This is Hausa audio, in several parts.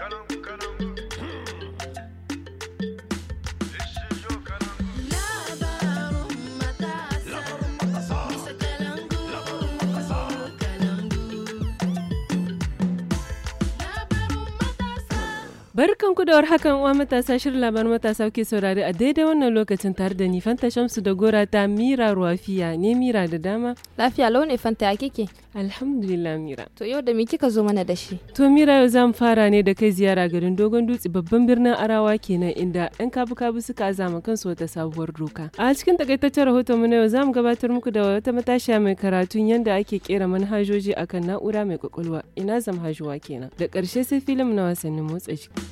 Tell them. Barkan ku da war hakan uwa matasa shirin labar matasa ke saurari a daidai wannan lokacin tare da ni Fanta Shamsu da Gora ta Mira Ruwafiya ne Mira da dama. Lafiya launin Fanta ya kike? Alhamdulillah Mira. To yau da me kika zo mana da shi? To Mira yau zamu fara ne da kai ziyara garin Dogon Dutse babban birnin Arawa kenan inda ɗan kabu-kabu suka azama kansu wata sabuwar doka. A cikin takaitaccen rahoton mu na yau zamu gabatar muku da wata matashiya mai karatun yadda ake kera manhajoji akan na'ura mai kwakwalwa ina zam hajuwa kenan. Da karshe sai filim na wasannin motsa jiki.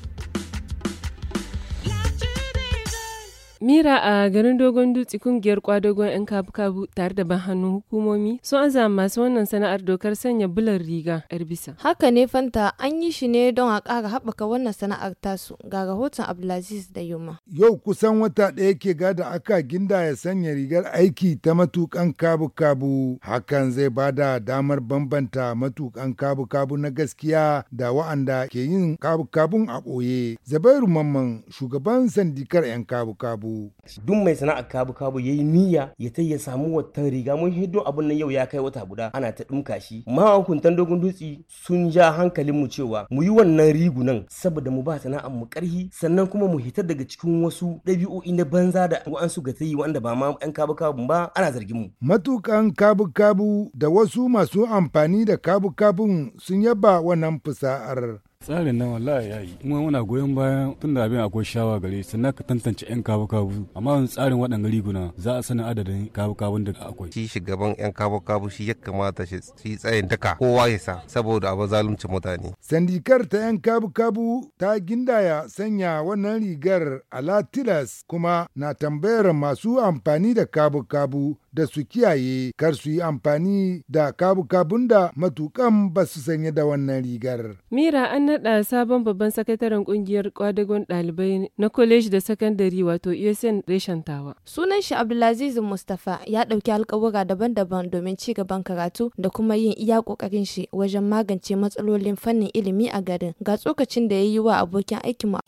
Mira a garin Dogon Dutse kungiyar kwadagon 'yan kabu-kabu tare da ban hannun hukumomi sun aza masu wannan sana'ar dokar sanya bular riga yar bisa. Haka ne fanta an yi shi ne don a ƙara haɓaka wannan sana'ar tasu ga rahoton Abdulaziz da Yuma. Yau kusan wata ɗaya ke gada aka ginda ya sanya rigar aiki ta matukan kabu-kabu. Hakan zai ba damar bambanta matukan kabu-kabu na gaskiya da wa'anda ke yin kabu-kabun a ɓoye. Zabairu Mamman shugaban sandikar 'yan kabu-kabu. duk mai sana'a kabu kabu yayi niyya ya ta ya samu wata riga mun hiddo abun nan yau ya kai wata guda ana ta dumka shi mahukuntan dogon dutse sun ja hankalin mu cewa mu yi wannan rigunan saboda mu ba sana'ar mu karhi sannan kuma mu hitar daga cikin wasu ɗabi'o'i na banza da su ga tayi wanda ba ma yan kabu kabu ba ana zargin mu matukan kabu kabu da wasu masu amfani da kabu kabun sun yaba wannan fusa'ar tsarin nan wallahi ya yi kuma muna goyon bayan tun da abin akwai shawa gare sannan ka tantance yan kabu-kabu amma wani tsarin waɗanda riguna za a sanin adadin kabu-kabun da akwai shi shugaban yan kabu-kabu shi ya kamata shi tsayin daka kowa ya sa saboda abu zalunci mutane sandikar ta yan kabu-kabu ta gindaya sanya wannan rigar ala tilas kuma na tambayar masu amfani da kabu-kabu da su kiyaye kar su yi amfani da kabu-kabun da matukan ba su sanya da wannan rigar mira an naɗa sabon babban sakataren ƙungiyar kwadagon ɗalibai na kwaleji da sakandare wato USN reshen tawa. Sunan shi Abdulaziz Mustapha ya ɗauki alƙawura daban-daban domin ci gaban karatu da kuma yin iya ƙoƙarin shi wajen magance matsalolin fannin ilimi a garin. Ga tsokacin da ya yi wa abokin aikinmu.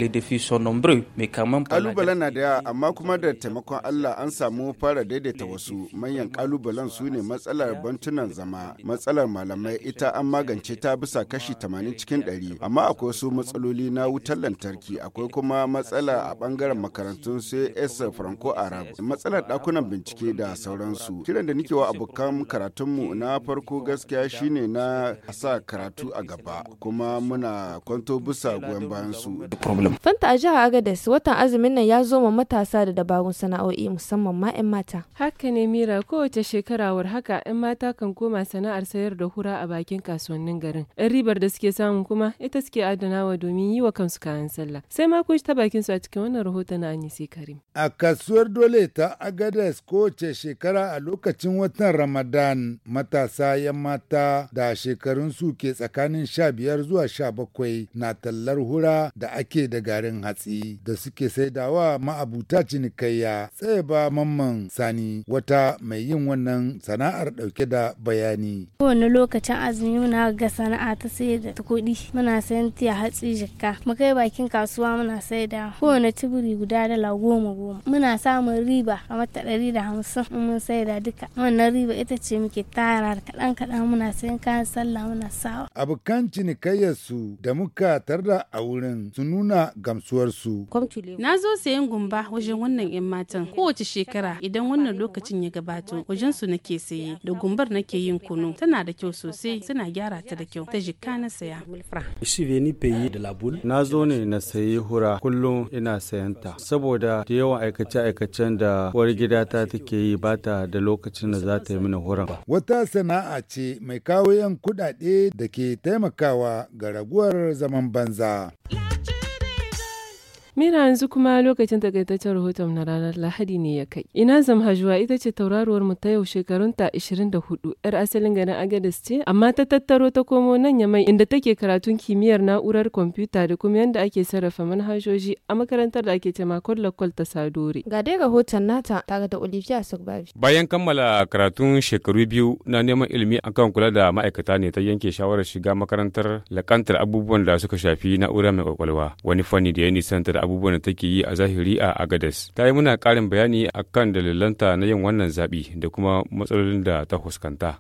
Ƙalubalen na da yawa amma kuma da taimakon Allah an samu fara daidaita wasu manyan ƙalubalen su ne matsalar bantunan zama matsalar malamai ita an magance ta bisa kashi 80 cikin ɗari. amma akwai wasu matsaloli na wutar lantarki akwai kuma matsala a bangaren makarantun cs franco arab matsalar dakunan bincike da sauransu kiran da nike wa abokan karatunmu na farko gaskiya shine na sa karatu a gaba kuma muna kwanto bisa goyon bayan su fanta a jihar agadez watan azumin nan ya zo ma matasa da dabarun sana'o'i musamman ma 'yan mata haka ne mira kowace shekara war haka 'yan mata kan koma sana'ar sayar da hura a bakin kasuwannin garin ribar da suke samu kuma ita haka suke adanawa domin yi wa kansu kayan sallah sai ma ku ta bakin su a cikin wannan rahoton na anyisi Karim a kasuwar dole ta ko kowace shekara a lokacin watan Ramadan matasa yan mata da shekarun su ke tsakanin sha biyar zuwa sha bakwai na tallar hura da ake da garin hatsi da suke saidawa ma'abuta cinikayya tsaye ba mamman sani wata mai yin wannan sana'ar dauke da bayani kowane lokacin azumi muna ga sana'a ta sai da kuɗi muna sayan a hatsi jikka mu kai bakin kasuwa muna da kowane tuburi guda dala goma goma muna samun riba a mata ɗari da hamsin in mun da duka wannan riba ita ce muke tara kaɗan kaɗan muna sayan kayan sallah muna sawa. abokan cinikayyarsu da muka tarda a wurin su nuna gamsuwarsu. na zo sayan gumba wajen wannan 'yan matan kowace shekara idan wannan lokacin ya gabato wajen su nake saye da gumbar nake yin kunu tana da kyau sosai suna gyara ta da kyau ta jikka na saya. suis venu payer de la Na zo ne na sayi hura kullum ina sayan ta saboda da yawan aikace-aikacen da uwar gidata take yi ba ta da lokacin da za ta yi mini huran. Wata sana'a ce mai kawo yan kuɗaɗe da ke taimakawa ga raguwar zaman banza. Mira yanzu kuma lokacin takaitaccen rahoton na ranar Lahadi ne ya kai. Ina zam Hajuwa ita ce tauraruwar mu ta yau shekarun shekarunta 24 'yar asalin garin Agadez ce amma ta tattaro ta komo nan ya mai inda take karatun kimiyyar na'urar kwamfuta da kuma yadda ake sarrafa manhajoji a makarantar da ake cema kwallakwal ta Sadore. Ga dai rahoton nata tare da Olivia Sogbavi. Bayan kammala karatun shekaru biyu na neman ilimi akan kula da ma'aikata ne ta yanke shawarar shiga makarantar lakantar abubuwan da suka shafi na'ura mai kwakwalwa wani fanni da ya nisanta da abubuwan da take yi a zahiri a Agades. Ta yi muna ƙarin bayani a kan dalilanta na yin wannan zaɓi da kuma matsalolin da ta fuskanta.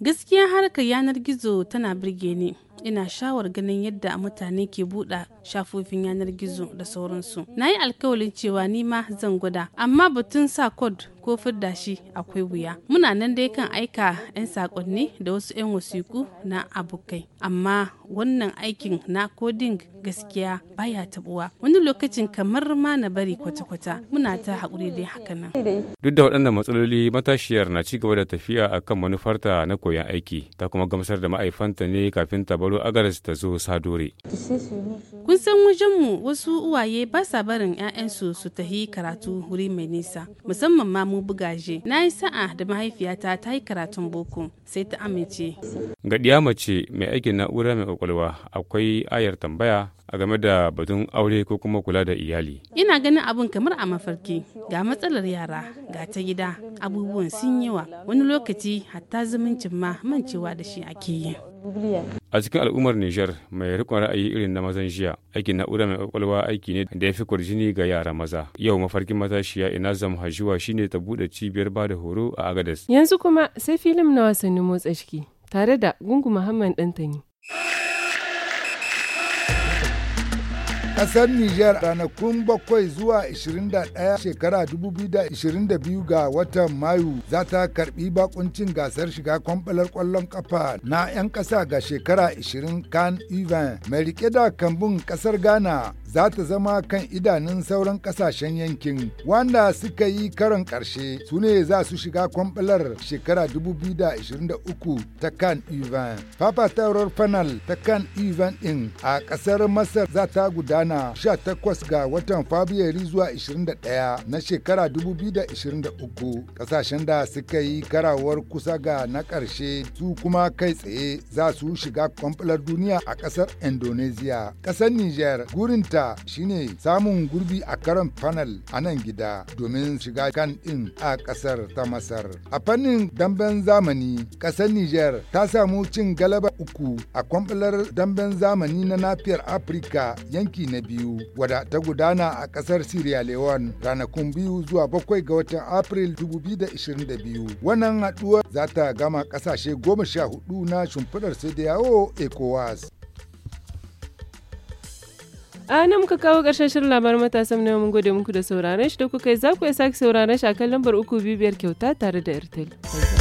Gaskiya harkar yanar gizo tana birge ni. ina shawar ganin yadda mutane ke buɗa shafofin yanar gizo da sauransu na yi alkawalin cewa ni ma zan gwada amma batun sa kod ko fidda shi akwai wuya muna nan dai kan aika 'yan sakonni da wasu 'yan wasiku na abokai amma wannan aikin na koding gaskiya baya tabuwa wani lokacin kamar ma na bari kwata-kwata muna ta haƙuri dai haka nan duk da waɗannan matsaloli matashiyar na ci gaba da tafiya akan manufarta na koyon aiki ta kuma gamsar da ma'aifanta ne kafin ta Kamaru Agaras ta zo Sadore. Kun san wajenmu wasu uwaye ba sa barin 'ya'yansu su tahi karatu wuri mai nisa, musamman ma mu bugaje. Na yi sa'a da mahaifiyata ta yi karatun boko sai ta amince. Ga mace mai aikin na'ura mai kwakwalwa akwai ayar tambaya a game da batun aure ko kuma kula da iyali. Ina ganin abun kamar a mafarki ga matsalar yara ga ta gida abubuwan sun yawa wani lokaci hatta zumuncin ma mancewa da shi ake yi. A cikin al'ummar Nijar mai rikon ra'ayi irin na mazan jiya aikin na'ura mai kwakwalwa aiki ne da ya fi kwarjini ga yara maza. Yau mafarkin matashiya ina zam hajuwa shine ta buɗe cibiyar bada horo a Agadas. Yanzu kuma sai filim na wasannin motsa ciki tare da Gungu Muhammad Dantani. Ƙasar Nijar ranakun bakwai zuwa 21 shekara 2022 ga watan Mayu za ta karɓi bakuncin gasar shiga kwambalar kwallon kafa na 'yan kasa ga shekara 20 kan Ivan mai rike da kambun kasar Ghana za ta zama kan idanun sauran kasashen yankin wanda suka yi karon karshe su ne za su shiga kwambalar shekara 2023 ta kan ivan taurar fanal ta kan ivan ɗin a kasar masar za ta gudana 18 ga watan fabiyari zuwa 21 na shekara 2023 ƙasashen da suka yi karawar kusa ga na karshe su kuma kai tsaye za su shiga kwamɓalar duniya a kasar indonesia ƙasar niger gurinta ta shine samun gurbi a karon panel a nan gida domin shiga kan ɗin a ƙasar ta Masar. A fannin damben zamani, ƙasar Nijar ta samu cin galaba uku a kwamfular damben zamani na nafiyar Afirka yanki na biyu, wada ta gudana a ƙasar syria leon ranakun biyu zuwa bakwai ga watan April 2022. Wannan haduwar za ta gama ƙasashe goma sha hudu na shimfidar sai da yawo ECOWAS. A nan muka kawo ƙarshen shirin labarin matasan na mun gode muku da sauraron shi da kuka yi za ku iya sake sauraron shi a kan lambar uku biyar kyauta tare da Airtel.